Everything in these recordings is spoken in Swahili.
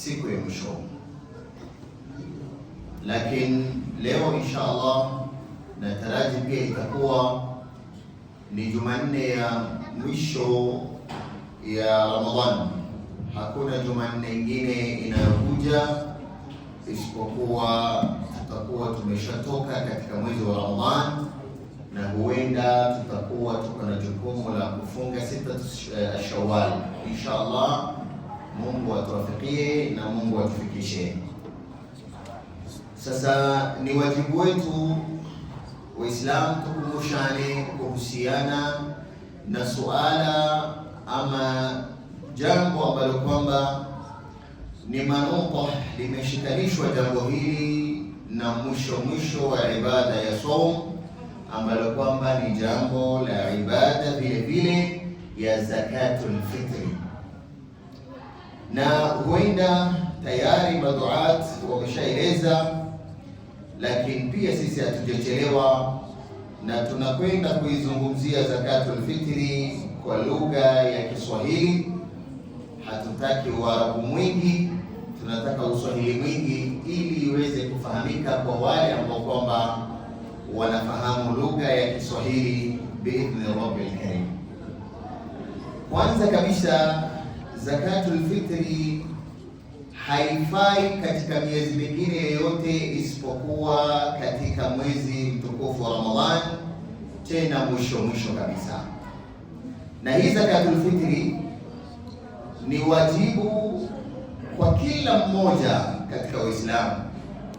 siku ya mwisho, lakini leo insha Allah nataraji pia itakuwa ni Jumanne ya mwisho ya Ramadhan. Hakuna Jumanne nyingine inayokuja isipokuwa tutakuwa tumeshatoka katika mwezi wa Ramadhan na huenda tutakuwa tuko na jukumu la kufunga sita eh, Shawwal insha Allah. Mungu atuwafikie na Mungu atufikishe. Sasa ni wajibu wetu Waislamu tukumbushane kuhusiana na suala ama jambo ambalo kwamba ni manuko limeshikanishwa jambo hili na mwisho mwisho wa ibada ya saum ambalo kwamba ni jambo la ibada vile vile ya zakatul fitri na huenda tayari maduat wameshaeleza, lakini pia sisi hatujachelewa na tunakwenda kuizungumzia zakatul fitri kwa lugha ya Kiswahili. Hatutaki uarabu mwingi, tunataka uswahili mwingi, ili iweze kufahamika kwa wale ambao kwamba wanafahamu lugha ya Kiswahili biidhni rabbil karim. Kwanza kabisa zakatul fitri haifai katika miezi mingine yoyote isipokuwa katika mwezi mtukufu wa Ramadhani, tena mwisho mwisho kabisa. Na hii zakatul fitri ni wajibu kwa kila mmoja katika Uislamu,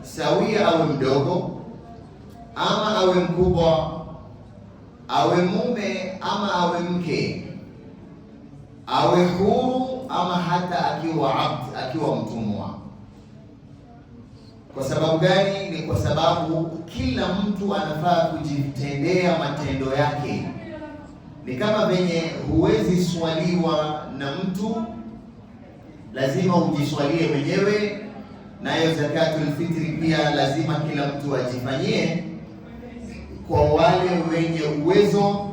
sawia awe mdogo ama awe mkubwa, awe mume ama awe mke, awe huru ama hata akiwa abd, akiwa mtumwa. Kwa sababu gani? Ni kwa sababu kila mtu anafaa kujitendea matendo yake. Ni kama venye huwezi swaliwa na mtu, lazima ujiswalie mwenyewe. Nayo zakatul fitri pia lazima kila mtu ajifanyie, kwa wale wenye uwezo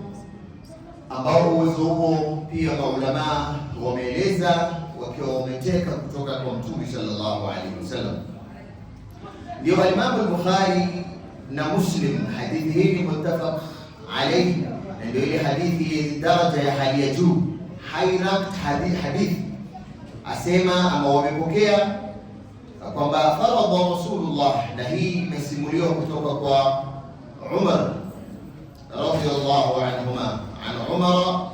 ambao uwezo huo pia maulamaa wameeleza wakiwa wameteka kutoka kwa Mtume sallallahu alaihi wasallam. Ndio alimamu al-Bukhari na Muslim, hadithi hii ni muttafaq alaihi, na ndio ile hadithi yenye daraja ya hali ya juu hairak hadithi asema, ama wamepokea kwamba faradha Rasulullah, na hii imesimuliwa kutoka kwa Umar radhiyallahu anhuma عمر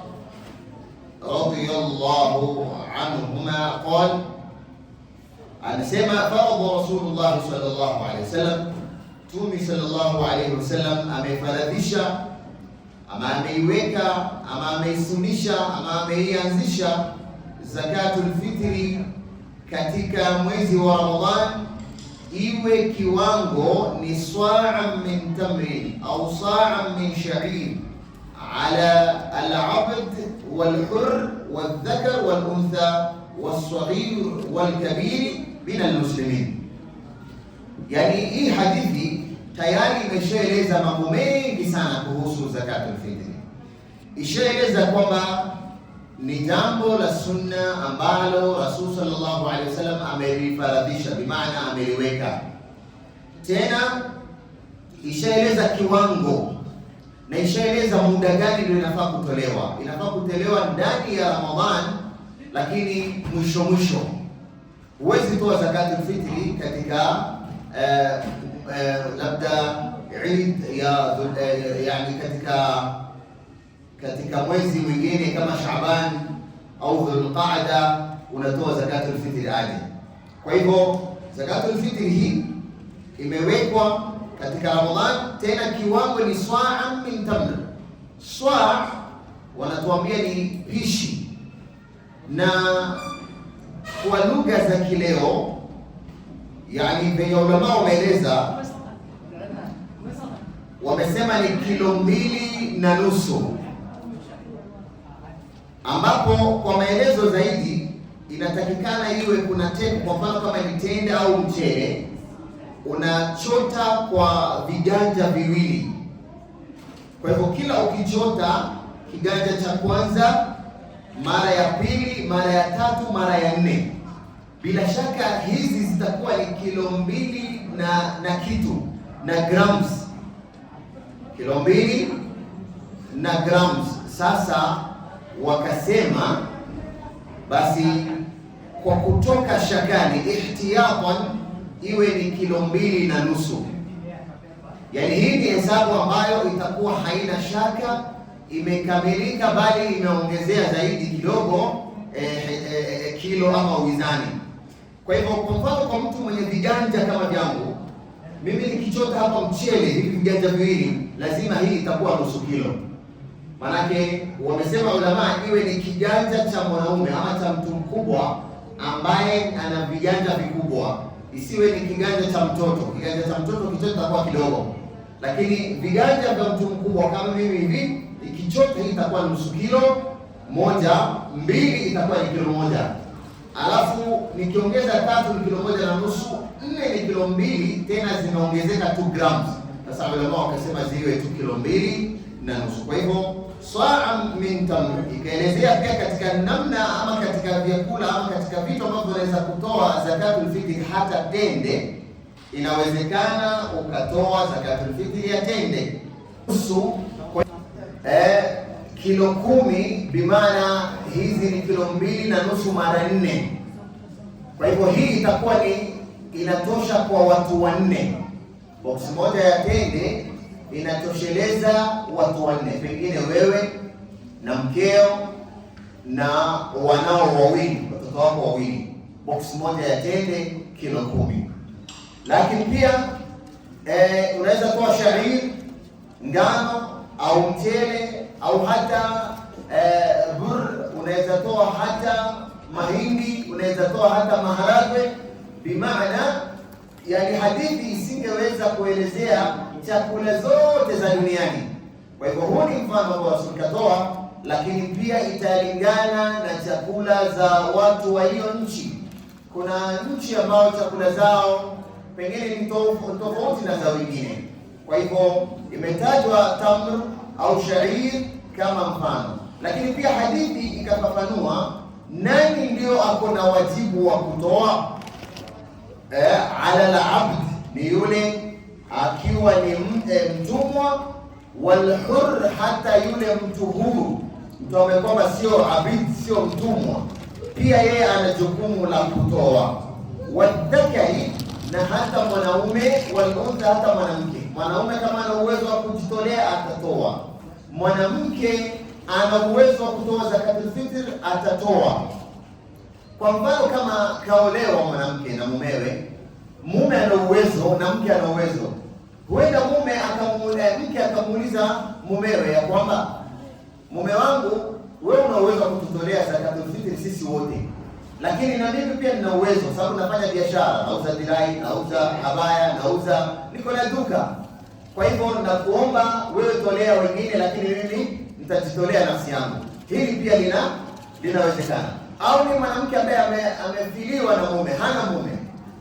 رضي الله عنهما قال عن سما فرض رسول الله صلى الله عليه وسلم تومي صلى الله عليه وسلم أمي فرديشا أما أمي ويكا أما أمي سنشا أما أمي أنزشا زكاة الفطر كتك مويزي ورمضان إيوي كيوانغو نصاعا من تمرين أو صاعا من شعير ala alabd walhur waldhakar waluntha walsaghir walkabiri min almuslimin. Yani hii hadithi tayari imeshaeleza mambo mengi sana kuhusu zakatul fitri, ishaeleza kwamba ni jambo la sunna ambalo Rasul sallallahu alaihi wasallam amelifaradhisha, bimaana ameliweka. Tena ishaeleza kiwango na ishaeleza muda gani ndio inafaa kutolewa. Inafaa kutolewa ndani ya Ramadhan, lakini mwisho mwisho. Huwezi toa zakatul fitri katika uh, uh, labda Eid ya uh, yani katika katika mwezi mwingine kama Shaaban au Dhulqaada, unatoa zakatul fitri aje. Kwa hivyo zakatul fitri hii imewekwa katika Ramadhan, tena kiwango ni swaa min tamna. Swaa wanatuambia ni pishi, na kwa lugha za kileo, yani venye ulama wameeleza, wamesema ni kilo mbili na nusu, ambapo kwa maelezo zaidi inatakikana iwe kuna tende, kwa mfano kama ni tende au mchele unachota kwa viganja viwili. Kwa hivyo kila ukichota kiganja cha kwanza, mara ya pili, mara ya tatu, mara ya nne, bila shaka hizi zitakuwa ni kilo mbili na na kitu na grams, kilo mbili na grams. Sasa wakasema basi, kwa kutoka shakani ihtiyatan iwe ni kilo mbili na nusu. Yani hii ni hesabu ambayo itakuwa haina shaka imekamilika, bali imeongezea zaidi kidogo eh, eh, eh, eh kilo ama uzani. Kwa hivyo, kwa mfano, kwa mtu mwenye viganja kama vyangu mimi, nikichota hapa mchele hivi viganja viwili, lazima hii itakuwa nusu kilo. Manake wamesema ulama iwe ni kiganja cha mwanaume ama cha mtu mkubwa ambaye ana viganja vikubwa isiwe ni kiganja cha mtoto. Kiganja cha mtoto kichote itakuwa kidogo, lakini viganja vya mtu mkubwa kama mimi hivi, ikichote itakuwa nusu kilo moja, mbili itakuwa ni kilo moja, alafu nikiongeza tatu ni kilo moja na nusu, nne ni kilo mbili, tena zinaongezeka 2 grams. Sasa walama wakasema ziwe tu kilo mbili na nusu, kwa hivyo saa min tamri, ikaelezea pia katika namna ama katika vyakula ama katika vitu ambavyo unaweza kutoa zakatul fitri, hata tende. Inawezekana ukatoa zakatul fitri ya tende nusu, eh, kilo kumi, bimaana hizi ni kilo mbili na nusu mara nne. Kwa hivyo hii itakuwa ni inatosha kwa watu wanne, box moja ya tende inatosheleza watu wanne, pengine wewe na mkeo na wanao wawili, watoto wako wawili, box moja ya tende kilo kumi. Lakini pia e, unaweza kuwa sharii ngano au mchele au hata e, eh, bur, unaweza toa hata mahindi, unaweza toa hata maharagwe. Bimaana yani hadithi isingeweza kuelezea chakula zote za duniani. Kwa hivyo huu ni mfano ambao Rasul katoa, lakini pia italingana na chakula za watu wa hiyo nchi. Kuna nchi ambao chakula zao pengine ni tofauti na za wengine, kwa hivyo imetajwa tamr au shair kama mfano, lakini pia hadithi ikafafanua nani ndio ako na wajibu wa kutoa eh, ala labd ni yule akiwa ni mtumwa walhur, hata yule mtu huru, mtu amekoma kwamba sio abid, sio mtumwa, pia yeye ana jukumu la kutoa. Wadhakari, na hata mwanaume walunta, hata mwanamke. Mwanaume kama ana uwezo wa kujitolea atatoa, mwanamke ana uwezo wa kutoa zakatul fitr atatoa. Kwa mfano kama kaolewa mwanamke na mumewe, mume ana uwezo na mke ana uwezo Huenda mume akamuona mke akamuuliza mumewe ya kwamba mume wangu, wewe una uwezo wa kututolea zakatul fitri sisi wote, lakini na mimi pia nina uwezo, sababu nafanya biashara, nauza dirai, nauza abaya, nauza, niko na duka. Kwa hivyo nakuomba wewe tolea wengine, lakini mimi nitajitolea nafsi yangu. Hili pia lina linawezekana. Au ni mwanamke ambaye amefiliwa na mume, hana mume,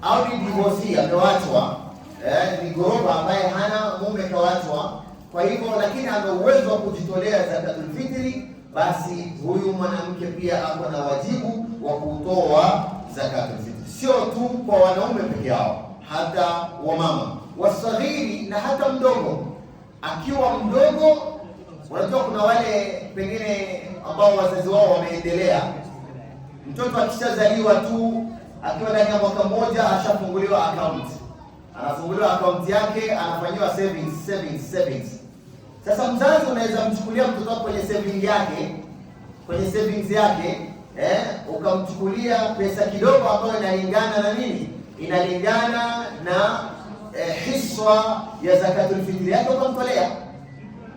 au ni divorce, amewachwa eh, ni goroba ambaye hana mume kawachwa, kwa hivyo lakini ana uwezo wa kujitolea zakatul fitri, basi huyu mwanamke pia ako na wajibu wa kutoa zakatul fitri, sio tu kwa wanaume peke yao, hata wamama wasaghiri na hata mdogo. Akiwa mdogo, unajua kuna wale pengine ambao wazazi wao wameendelea, mtoto akishazaliwa tu akiwa ndani ya mwaka mmoja ashafunguliwa akaunti anafunguliwa akaunti yake, anafanyiwa savings, savings, savings. Sasa mzazi unaweza mchukulia mtoto wako kwenye saving yake kwenye savings yake eh, ukamchukulia pesa kidogo ambayo inalingana na nini, inalingana na eh, hiswa ya zakatul fitri yake ukamtolea.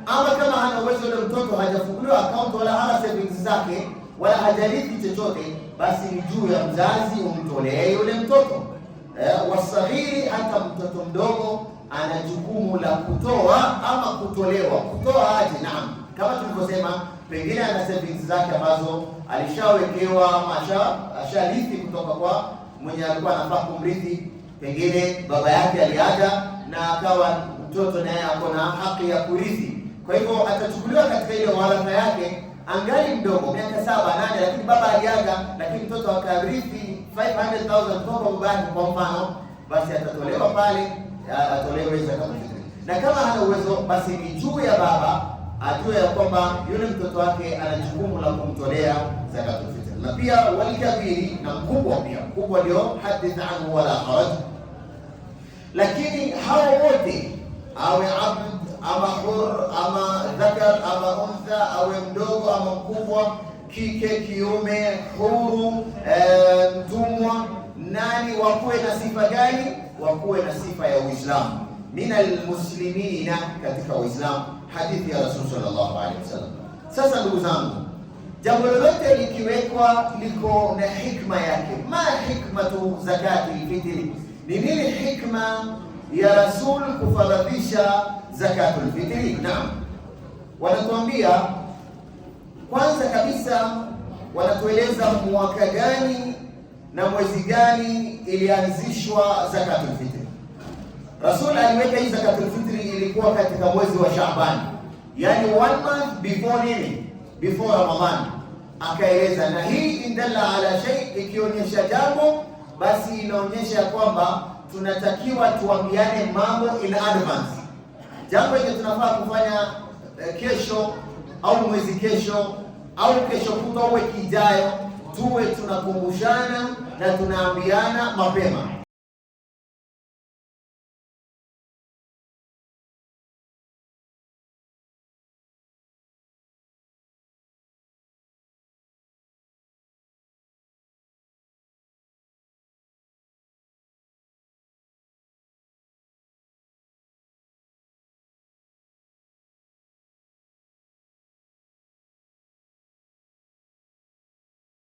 Ama kama hana uwezo ule mtoto hajafunguliwa akaunti wala hana savings zake wala hajalipi chochote, basi ni juu ya mzazi umtolee yule mtoto eh, wasaghiri, hata mtoto mdogo ana jukumu la kutoa ama kutolewa. Kutoa aje? Naam, kama tulivyosema, pengine ana savings zake ambazo alishawekewa ama ashalithi kutoka kwa mwenye alikuwa anafaa kumrithi, pengine baba yake aliaga na akawa mtoto naye ako na haki ya kurithi. Kwa hivyo atachukuliwa katika ile waraka yake angali mdogo, miaka saba nane, lakini baba aliaga, lakini mtoto akarithi 500,000 toka ubaki kwa mfano, basi atatolewa pale, atatolewa hizo kama hizo. na kama hana uwezo basi ni juu ya baba ajue ya kwamba yule mtoto wake ana jukumu la kumtolea zakatul fitr, na pia walikabiri na mkubwa, pia mkubwa ndio hadith anhu wala haraj. Lakini hao wote awe abd ama hur ama dhakar ama untha, awe mdogo ama mkubwa, kike kiume, huru minal muslimina, katika Uislamu, hadithi ya Rasul sallallahu alaihi wasallam. Sasa ndugu zangu, jambo lolote likiwekwa liko na hikma yake. Ma hikmatu zakati lfitiri? Ni nini hikma ya Rasul kufaradhisha zakatul fitri? Naam, wanatuambia kwanza kabisa, wanatueleza mwaka gani na mwezi gani ilianzishwa zakatul fitri. Rasul aliweka hii zakatul fitri ilikuwa katika mwezi wa Shaaban, yani one month before nini? Before Ramadan. Akaeleza na hii indalla ala shay, ikionyesha jambo basi inaonyesha kwamba tunatakiwa tuambiane mambo in advance. Jambo hili tunafaa kufanya eh, kesho au mwezi kesho au kesho kutwa au wiki ijayo, tuwe tunakumbushana na tunaambiana mapema.